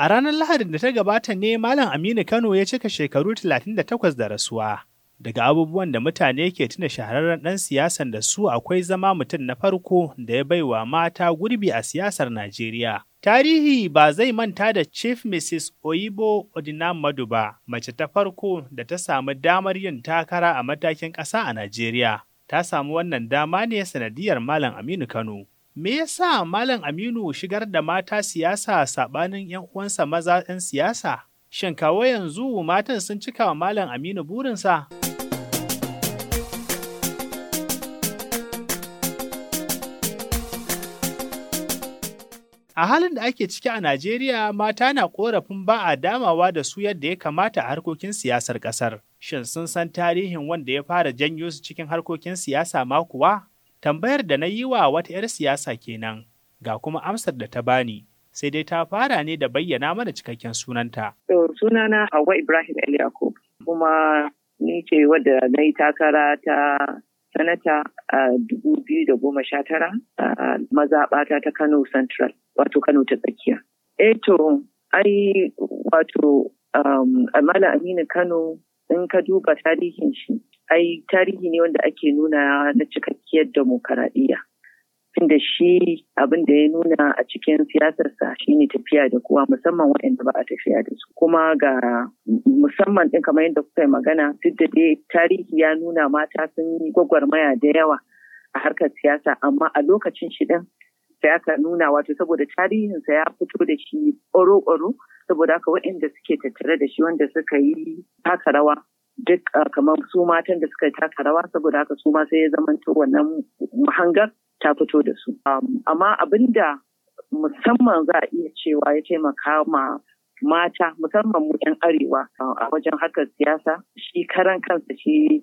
A ranar Lahadin da ta gabata ne Malam Aminu Kano ya cika shekaru 38 da rasuwa. Daga abubuwan da mutane ke tuna shahararren ɗan siyasan da su akwai zama mutum na farko da ya baiwa mata gurbi a siyasar Najeriya. Tarihi ba zai manta da Chief Mrs. Oyibo Odinamadu ba, mace ta farko da ta samu damar yin takara a matakin ƙasa a Najeriya. Ta samu wannan dama ne sanadiyar Malam Aminu Kano. Me yasa Malam Aminu shigar da mata siyasa saɓanin 'yan uwansa maza 'yan siyasa? Shin kawo yanzu matan sun cika wa Malam Aminu burinsa? A halin da ake ciki a Najeriya, mata na korafin ba a damawa da su yadda ya kamata a harkokin siyasar ƙasar. Shin sun san tarihin wanda ya fara janyo su cikin harkokin siyasa ma kuwa? Tambayar da na yi wa wata 'yar siyasa kenan, ga kuma amsar da ta bani. Sai dai ta fara ne da bayyana mana cikakken sunanta. sunana Hauwa Ibrahim Eliyako kuma ni ce wadda na yi takara ta sanata a dubu biyu da tara mazaɓata ta Kano Central, wato Kano ta tsakiya. Eto, eh ai wato Amala um, Aminu Kano in ka duba tarihin shi ai tarihi ne wanda ake nuna na cikakkiyar demokaradiyya tunda shi abin da ya nuna a cikin siyasarsa shine tafiya da kuwa musamman waɗanda ba a tafiya da su kuma ga musamman ɗin kamar yadda kuka yi magana duk da dai tarihi ya nuna mata sun yi gwagwarmaya da yawa a harkar siyasa amma a lokacin shi ɗin sai aka nuna wato saboda tarihinsa ya fito da shi oro-oro saboda haka waɗanda suke tattare da shi wanda suka yi haka rawa duk ah, kamar su matan da suka taka rawa saboda haka su ma sai ya zamanto wannan hangar ta fito da su. Amma abin da musamman za a iya cewa ya taimaka ma mata musamman mu 'yan arewa ah, a wajen harkar siyasa shi karan kansa shi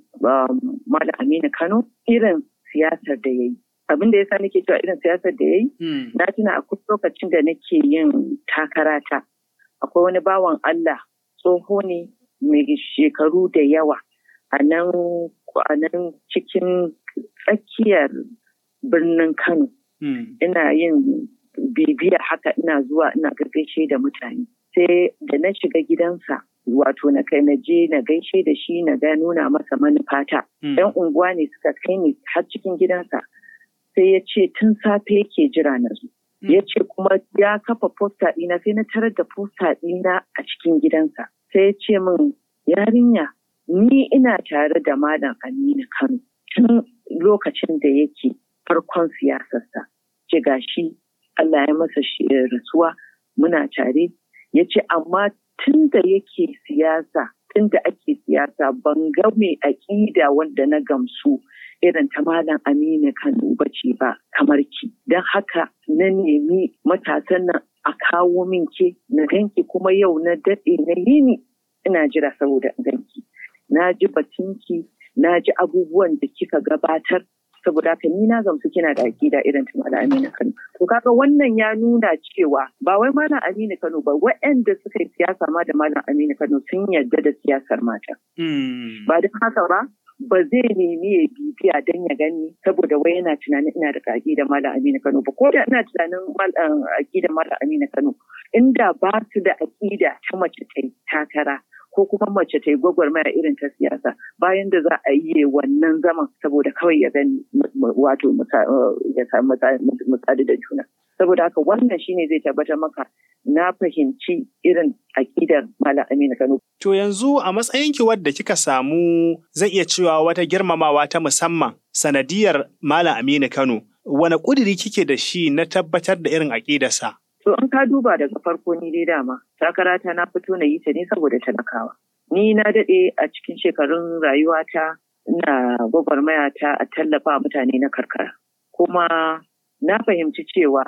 Malam Aminu Kano irin siyasar da ya yi. Abin da ya sa nake cewa irin siyasar da ya yi, hmm. na tuna a lokacin da nake yin takarata. Akwai wani bawan Allah tsoho ne mai shekaru da yawa a nan cikin tsakiyar birnin Kano. Hmm. Ina yin bibiya haka ina zuwa ina gaishe da mutane. Sai da na shiga gidansa wato na kai na je na gaishe da shi na ga nuna masa manufata. Hmm. Yan unguwa ne suka kai ni har cikin gidansa. Sai ya ce tun safe yake jira na zo. Hmm. Ya ce kuma ya kafa posta ɗina sai na tarar da posta ɗina a cikin gidansa. sai ya ce min yarinya ni ina tare da malam aminu kano tun lokacin da yake farkon siyasarsa ce gashi allah ya masa eh, rasuwa muna tare ya ce amma tun da yake siyasa tun da ake siyasa ban ga mai aƙida wanda na gamsu irin ta Malam Aminu duba bace ba kamar ki. Don haka na nemi matasan nan a kawo min ke na ganki kuma yau na daɗe na yini ina jira saboda ganki. Na ji batunki, na ji abubuwan da kika gabatar saboda haka ni na gamsu kina da aƙida irin ta Malam Aminu Kano. To kaga wannan ya nuna cewa ba wai Malam Aminu Kano ba waɗanda suka yi siyasa ma da Malam Aminu Kano sun yarda da siyasar mata. Hmm. Ba duk haka ba ba zai nemi ya bibiya don ya gani saboda wai yana tunanin ina da kaki da mala amina kano ba ko da ina tunanin eh, aƙida mala amina kano inda ba su da aƙida ta mace ta yi takara ko kuma mace ta yi gwagwarmaya irin ta siyasa bayan da za a yi wannan zaman saboda kawai ya gani wato eh, ya samu da juna. saboda haka wannan shine zai tabbatar maka na fahimci irin aƙidar Malam Aminu Kano. To yanzu a matsayin ki wadda kika samu zai iya cewa wata girmamawa ta musamman sanadiyar Malam Aminu Kano wani ƙudiri kike da shi na tabbatar da irin aƙidarsa? To an ka duba daga farko ni dai dama takara ta na fito na yi ta ne saboda talakawa. Ni na daɗe a cikin shekarun rayuwata ina gwagwarmaya ta a tallafa mutane na karkara. Kuma na fahimci cewa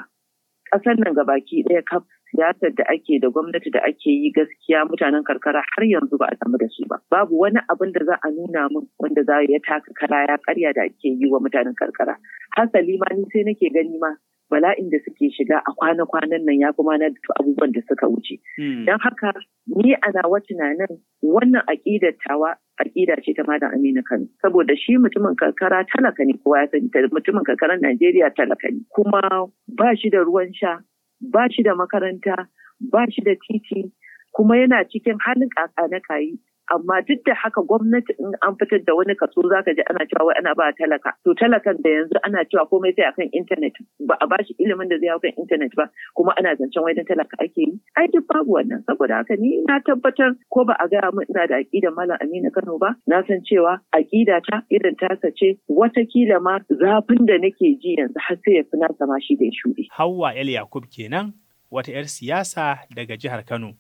ƙasar nan gabaki daya kaf siyasar da ake da gwamnati da ake yi gaskiya mutanen karkara har yanzu ba a samu da su ba babu wani abin da za a nuna mun wanda za ya taka kara ya karya da ake yi wa mutanen karkara hasali ma ni sai nake gani ma bala'in da suke shiga a kwana-kwanan nan ya kuma na abubuwan da suka wuce hmm. don haka ni ana wa tunanin wannan aƙidar tawa aƙida ce ta Malam Aminu Kano saboda shi mutumin karkara talaka ne kowa ya sani mutumin karkarar Najeriya talaka ne kuma ba shi da ruwan sha ba shi da makaranta ba shi da titi kuma yana cikin halin ƙaƙa na kayi amma duk da haka gwamnati in an fitar da wani katso ka ji ana cewa wai ana ba talaka to talakan da yanzu ana cewa komai sai akan intanet ba a bashi ilimin da zai hau kan intanet ba kuma ana zancen wai talaka ake yi ai duk babu wannan saboda haka ni na tabbatar ko ba a gaya min ina da aƙidar malam Aminu Kano ba na san cewa aƙida ta irin tasa ce watakila ma zafin da nake ji yanzu har sai ya fi na sama shi da shuɗe. Hauwa El Yakub kenan wata 'yar siyasa daga jihar Kano.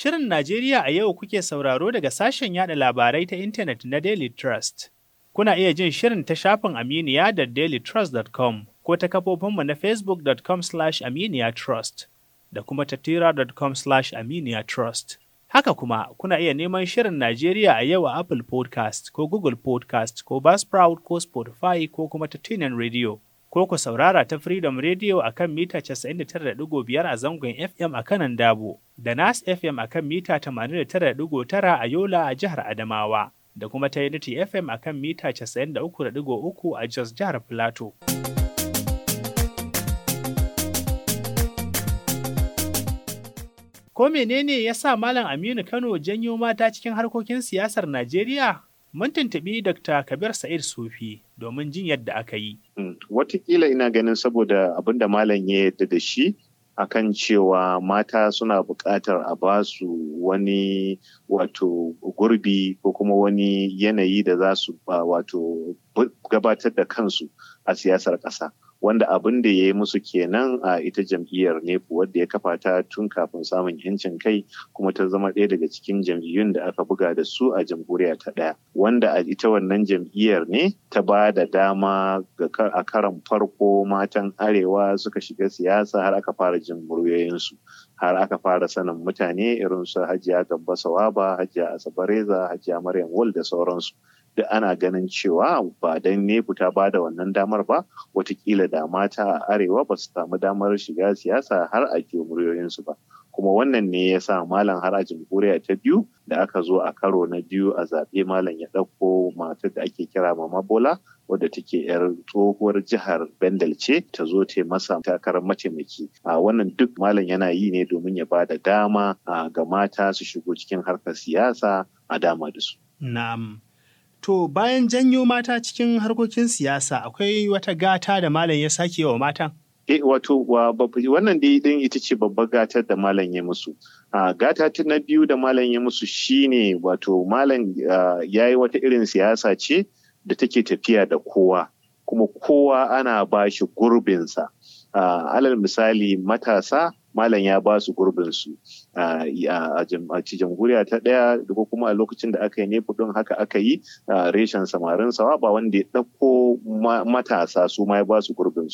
Shirin Najeriya a yau kuke sauraro daga sashen yada labarai ta intanet na Daily Trust. Kuna iya jin shirin ta shafin Aminiya da dailytrust.com ko ta kafofinmu na facebook.com slash aminiyatrust da kuma ta slash aminiyatrust. Haka kuma kuna iya neman shirin Najeriya a yau a Apple podcast ko Google podcast ko Buzzsprout ko Spotify ko kuma ta Radio. ko ku saurara ta Freedom Radio a kan mita 99.5 a zangon FM a kanan Dabo, da Nas FM a kan mita 89.9 a Yola a jihar Adamawa, da kuma ta Unity FM a kan mita 93.3 a Jos jihar Filato. Ko menene ya sa Malam Aminu Kano janyo mata cikin harkokin siyasar Najeriya? Mun tuntuɓi Dr. Kabir Sa'id Sufi domin jin yadda aka yi. Hmm, watakila ina ganin saboda abin da malam ya yadda da shi akan cewa mata suna buƙatar a ba su wani wato gurbi ko kuma wani yanayi da za su wato gabatar da kansu a siyasar ƙasa. wanda abin da ya yi musu kenan a ita jam'iyyar nepu wadda ya kafa ta tun kafin samun yancin kai kuma ta zama ɗaya daga cikin jam'iyyun da aka buga da su a jamhuriya ta ɗaya wanda a ita wannan jam'iyyar ne ta ba da dama ga a karan farko matan arewa suka shiga siyasa har aka fara jin muryoyinsu har aka fara sanin mutane irin su hajiya gambasawa ba hajiya asabareza hajiya maryam wal da sauransu duk ana ganin cewa ba dan ne ta ba da wannan damar ba watakila da mata a arewa ba su samu damar shiga siyasa har a ke muryoyinsu ba kuma wannan ne ya sa malam har a jamhuriya ta biyu da aka zo a karo na biyu a zaɓe malam ya ɗauko matar da ake kira mama bola wadda take yar tsohuwar jihar bendel ce ta zo ta masa takarar mataimaki a wannan duk malam yana yi ne domin ya ba da dama ga mata su shigo cikin harkar siyasa a dama da su na'am To bayan janyo mata cikin harkokin siyasa akwai wata gata da malam ya sake wa matan? Eh, wato wannan dai din ita ce babbar gata da malam ya musu gata ta na biyu da malam ya musu shine wato malam ya yi wata irin siyasa ce da take tafiya da kowa kuma kowa ana ba shi gurbinsa alal misali matasa malam ya ba su gurbinsu a jamhuriya ta ɗaya ko kuma a lokacin da aka yi nefu ɗin haka aka yi reshen samarin sawa ba wanda ya ɗauko matasa su ma ya ba su gurbin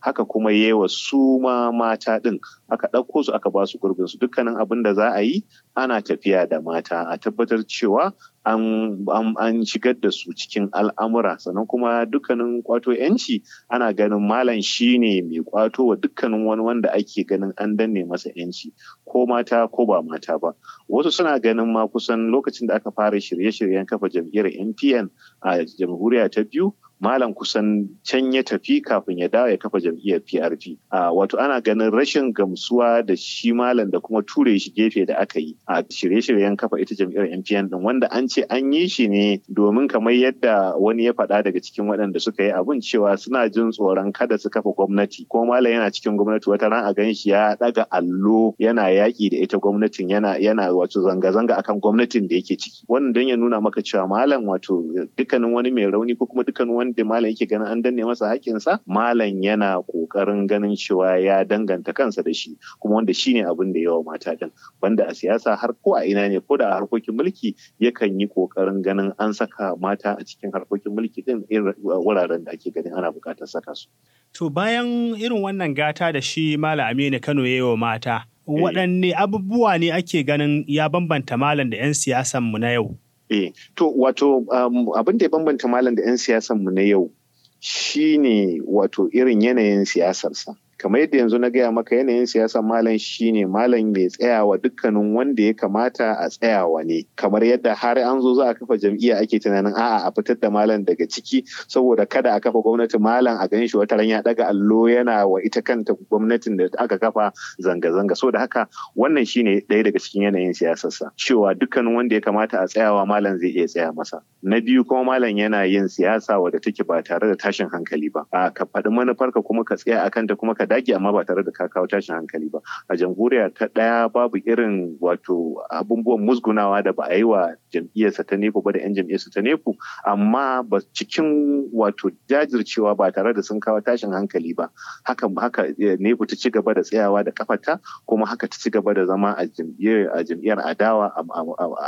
haka kuma yewa su ma mata ɗin aka ɗauko su aka ba su gurbin su dukkanin abin da za a yi ana tafiya da mata a tabbatar cewa an shigar da su cikin al'amura sannan kuma dukkanin kwato yanci ana ganin malam shine mai kwato wa dukkanin wani wanda ake ganin an danne masa yanci ko mata ko ba mata ba wasu suna ganin ma kusan lokacin da aka fara shirye-shiryen kafa jam'iyyar npn a jamhuriya ta biyu malam kusan can ya tafi kafin ya dawo ya kafa jam'iyyar PRP. A wato ana ganin rashin gamsuwa da shi malam da kuma ture shi gefe da aka yi a shirye-shiryen kafa ita jam'iyyar MPN din wanda an ce an yi shi ne domin kamar yadda wani ya faɗa daga cikin waɗanda suka yi abun cewa suna jin tsoron kada su kafa gwamnati ko malam yana cikin gwamnati wata ran a gan shi ya ɗaga allo yana yaƙi da ita gwamnatin yana yana wato zanga-zanga akan gwamnatin da yake ciki. Wannan don ya nuna maka cewa malam wato dukkanin wani mai rauni ko kuma dukkanin wani wanda malam yake ganin an danne masa haƙƙinsa malam yana kokarin ganin cewa ya danganta kansa da shi kuma wanda shi ne abin da yawa mata din wanda a siyasa har ko a ina ne ko da a harkokin mulki yakan yi kokarin ganin an saka mata a cikin harkokin mulki din wuraren da ake ganin ana buƙatar saka su. To bayan irin wannan gata da shi Malam Aminu Kano ya yi wa mata, eh. waɗanne abubuwa ne ake ganin ya bambanta malam da 'yan siyasanmu na yau? Eh, to wato um, abin da ya bambanta malam da 'yan siyasar mu na yau shine wato irin yanayin siyasarsa. kamar yadda yanzu na gaya maka yanayin siyasa malam shine malam mai tsayawa dukkanin wanda ya kamata a tsayawa ne kamar yadda har an zo za a kafa jam'iyya ake tunanin a'a a fitar da malam daga ciki saboda kada a kafa gwamnati malam a ganin shi wata ran ya daga allo yana wa ita kanta gwamnatin da aka kafa zanga-zanga so haka wannan shine ɗaya daga cikin yanayin siyasarsa cewa dukkanin wanda ya kamata a tsayawa malam zai iya tsaya masa na biyu kuma malam yana yin siyasa wadda take ba tare da tashin hankali ba a ka faɗi manufarka kuma ka tsaya akan ta kuma ka dage amma ba tare da ka kawo tashin hankali ba a jamhuriya ta daya babu irin wato abubuwan musgunawa da ba a yi wa jam'iyyarsa ta nefu ba da 'yan jam'iyyarsa ta nefu amma ba cikin wato jajircewa ba tare da sun kawo tashin hankali ba haka haka eh, nefu ta ci gaba da tsayawa da kafata kuma haka ta ci gaba da zama a jam'iyyar adawa a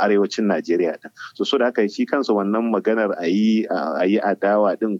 arewacin najeriya ta. so so da haka shi kansa wannan maganar a yi adawa ɗin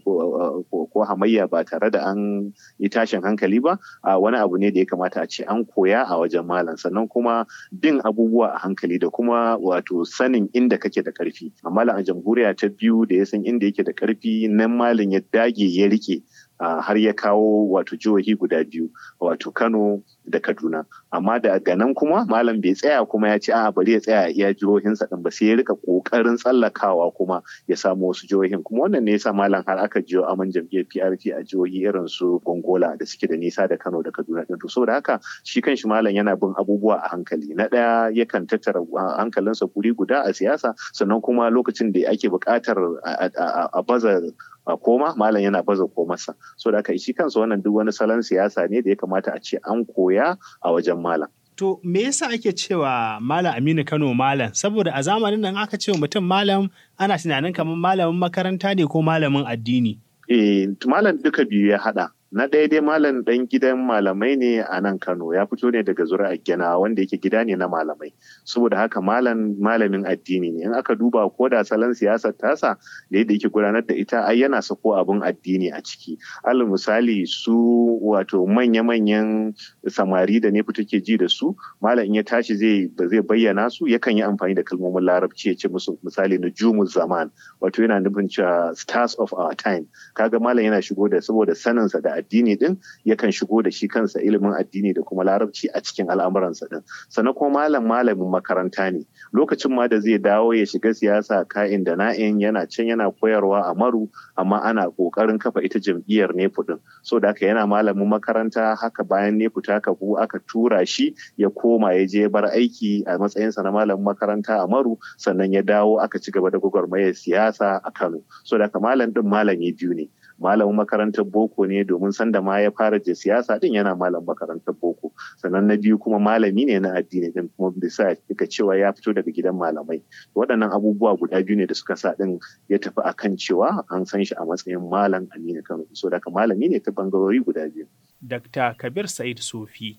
ko hamayya ba tare da an yi tashin hankali ba ba wani abu ne da ya kamata a ce an koya a wajen malam sannan kuma bin abubuwa a hankali da kuma wato sanin inda kake da karfi a malam a jamhuriya ta biyu da ya san inda yake da karfi nan malam ya dage ya rike har ya kawo wato jihohi guda biyu wato Kano da Kaduna amma daga nan kuma malam bai tsaya kuma ya ce a bari ya tsaya iya jihohinsa din ba sai ya rika kokarin tsallakawa kuma ya samu wasu jihohin kuma wannan ne yasa malam har aka jiyo aman jam'iyyar PRP a jihohi irin su Gongola da suke da nisa da Kano da Kaduna din to saboda haka shi kan shi malam yana bin abubuwa a hankali na daya yakan tattara hankalinsa guri guda a siyasa sannan kuma lokacin da ake buƙatar a baza A koma malam yana baza komarsa so da aka shi kansa wannan duk wani salon siyasa ne da ya kamata a ce an koya a wajen malam To me yasa ake cewa Malam Aminu Kano Malam? Saboda a zamanin nan aka ce mutum Malam ana tunanin kamar malamin makaranta ne ko malamin addini. Eh, Malam duka biyu ya haɗa. na ɗaya dai malam ɗan gidan malamai ne a nan kano ya fito ne daga a gina wanda yake gida ne na malamai saboda haka malam malamin addini ne in aka duba ko da salon siyasar tasa da yadda yake gudanar da ita ai yana sako abin addini a ciki alal misali su wato manya-manyan samari da ne fito ke ji da su malam in ya tashi zai ba zai bayyana su yakan yi amfani da kalmomin larabci ya ce musu misali na jumu zaman wato yana nufin cewa stars of our time kaga malam yana shigo da saboda saninsa da addini din yakan shigo da shi kansa ilimin addini da kuma larabci a cikin al'amuransa din sannan kuma malam malamin makaranta ne lokacin ma da zai dawo ya shiga siyasa ka'in da na'in yana can yana koyarwa a maru amma ana kokarin kafa ita jam'iyyar nepu din so da haka yana malamin makaranta haka bayan nefuta ta kafu aka tura shi ya koma ya je bar aiki a matsayinsa na malamin makaranta a maru sannan ya dawo aka ci gaba da gwagwarmayar siyasa a kano so da haka malam din malami biyu ne malamin makarantar boko ne domin sanda ma ya fara je siyasa din yana malamin makarantar boko sannan na biyu kuma malami ne na addini din kuma bisa kika cewa ya fito daga gidan malamai waɗannan abubuwa guda biyu ne da suka sa din ya tafi akan cewa an san shi a matsayin malam Aminu Kano so daga malami ne ta bangarori guda biyu Dr. Kabir Said Sufi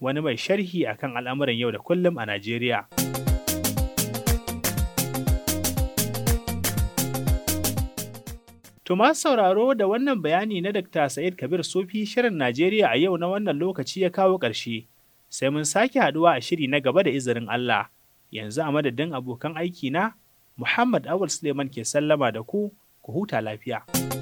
wani mai sharhi akan al'amuran yau da kullum a Najeriya. To sauraro da wannan bayani na Dr. Sa'id Kabir Sufi shirin Najeriya a yau na wannan lokaci ya kawo ƙarshe. Sai mun sake haɗuwa a shiri na gaba da izinin Allah. Yanzu a madadin abokan aiki na Muhammad Awul Suleiman ke sallama da ku, ku huta lafiya.